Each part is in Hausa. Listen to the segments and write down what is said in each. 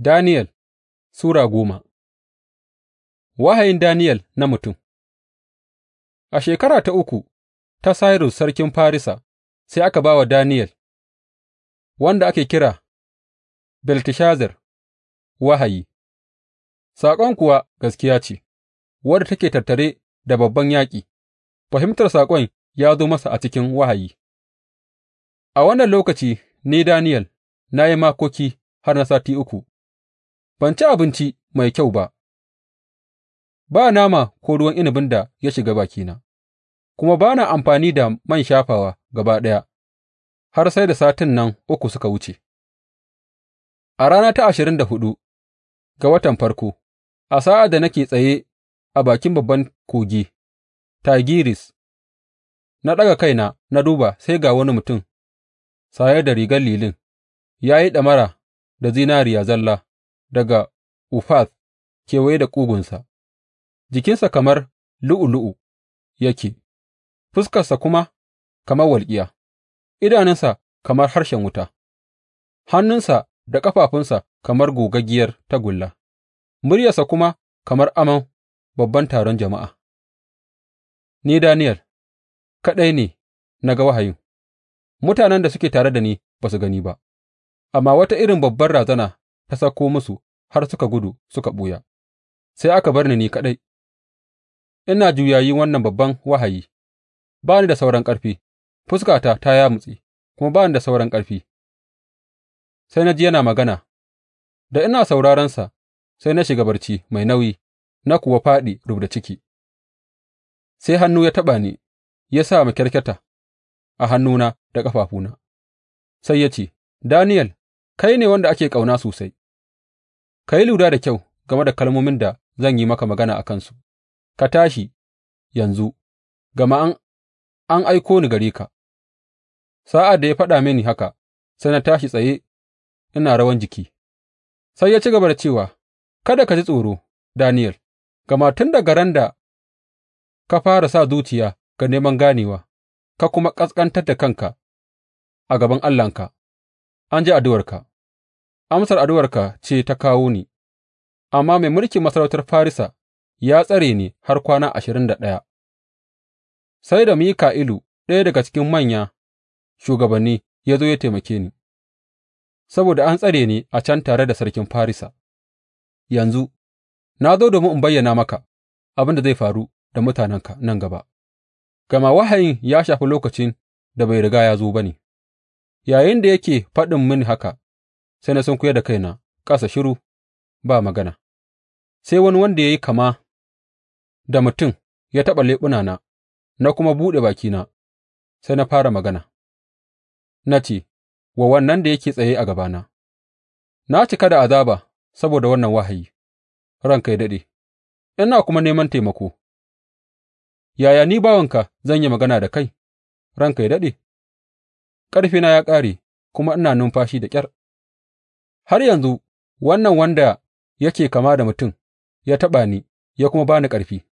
Daniyel Sura goma Wahayin Daniyel na mutum A shekara ta uku ta Sairus sarkin Farisa, sai aka ba wa Daniyel, wanda ake kira Belteshazar, wahayi, saƙon kuwa gaskiya ce, wadda take tattare da babban yaƙi, fahimtar saƙon ya zo masa a cikin wahayi. A wannan lokaci ne Daniyel na yi makoki har na sati uku. ban ci abinci mai kyau ba, ba nama ko ruwan inabin da ya shiga bakina, kuma ba na amfani da man shafawa gaba ɗaya har sai da satin nan uku suka wuce. A rana ta ashirin da hudu ga watan farko, a sa'a da nake tsaye a bakin babban kogi, Tagiris, na ɗaga kaina na duba sai ga wani mutum sayar da rigar lilin, ya yi ɗamara da zinariya zalla. daga Ufaz kewaye da ƙugunsa, jikinsa kamar lu'ulu'u yake, fuskarsa kuma kamar walƙiya, idanunsa kamar harshen wuta, hannunsa da ƙafafunsa kamar gogaggiyar tagulla, muryarsa kuma kamar aman babban taron jama'a. Ni, Daniyel, kaɗai ne na ga wahayin, mutanen da suke tare da ni ba su gani ba, amma wata irin babbar razana ta sauko musu har suka gudu suka ɓuya, sai aka bar ni ni kaɗai, ina juyayin wannan babban wahayi, ba ni da sauran ƙarfi, fuskata ta yamutse, kuma ba ni da sauran ƙarfi. Sai na ji yana magana, da ina sauraronsa, sai na shiga barci mai nauyi, na kuwa fāɗi rubda ciki. Sai hannu ya taɓa ni, ya sa makyarkyata a hannuna da ƙafafuna, sai ya ce, Daniel, kai ne wanda ake ƙauna sosai. ka yi lura da kyau game da kalmomin da zan yi maka magana a kansu, ka tashi yanzu, gama an aiko ni gare ka. Sa'ad da ya faɗa mini haka, sai na tashi tsaye ina rawan jiki, sai ya ci gaba da cewa, Kada ka ji tsoro, Daniyel, gama tun daga ran da ka fara sa zuciya ga neman ganewa, ka kuma ƙasƙantar da kanka a gaban Allahnka, an ji addu'arka. amsar addu'arka ce ta kawo ni, amma mai mulkin masarautar Farisa ya tsare ni har kwana ashirin da ɗaya, sai da Mika'ilu, ɗaya daga cikin manya shugabanni, ya zo ya taimake ni, saboda an tsare ni a can tare da sarkin Farisa. Yanzu, na zo domin in bayyana maka abin da zai faru da mutanenka nan gaba, gama wahayin ya shafi lokacin da bai riga ya zo ba ne, da yake faɗin mini haka. Sai na sunkuyar da kaina ƙasa shiru, ba magana, sai wani wanda ya yi kama da mutum ya taɓa leɓunana, na na kuma buɗe bakina, sai na fara magana, na ce wa wannan da yake tsaye a gabana, Na cika da azaba saboda wannan wahayi, ranka ya daɗe, ina kuma neman taimako, yaya ni bawanka zan yi magana da kai, ranka kai daɗe? Ƙarfina ya ƙare kuma ina numfashi da ƙyar. Har yanzu wannan wanda yake kama da mutum ya taɓa ni ya kuma ba ni ƙarfi,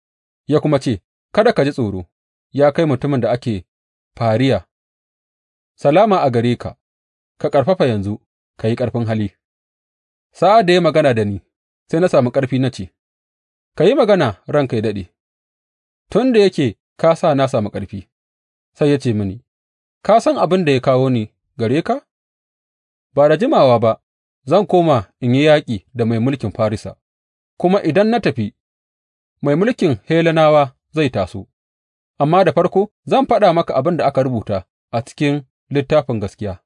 ya kuma ce, Kada ka ji tsoro, ya kai mutumin da ake fariya, salama a gare ka, ka ƙarfafa yanzu, ka yi ƙarfin hali. Sa'ad da ya magana da ni, sai na sami ƙarfi na ce, Ka yi magana ranka yă daɗe, tun da yake ka sa na sami ƙarfi, sai ya ce mini, Ka san abin da ya kawo ni gare ka? Ba da jimawa ba Zan koma in yi yaƙi da mai mulkin Farisa, kuma idan na tafi, mai mulkin Hellenawa zai taso, amma da farko zan faɗa maka abin da aka rubuta a cikin littafin gaskiya,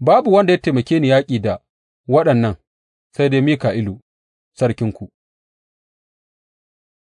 babu wanda ya taimake ni yaƙi da waɗannan sai dai Mika'ilu, sarkinku.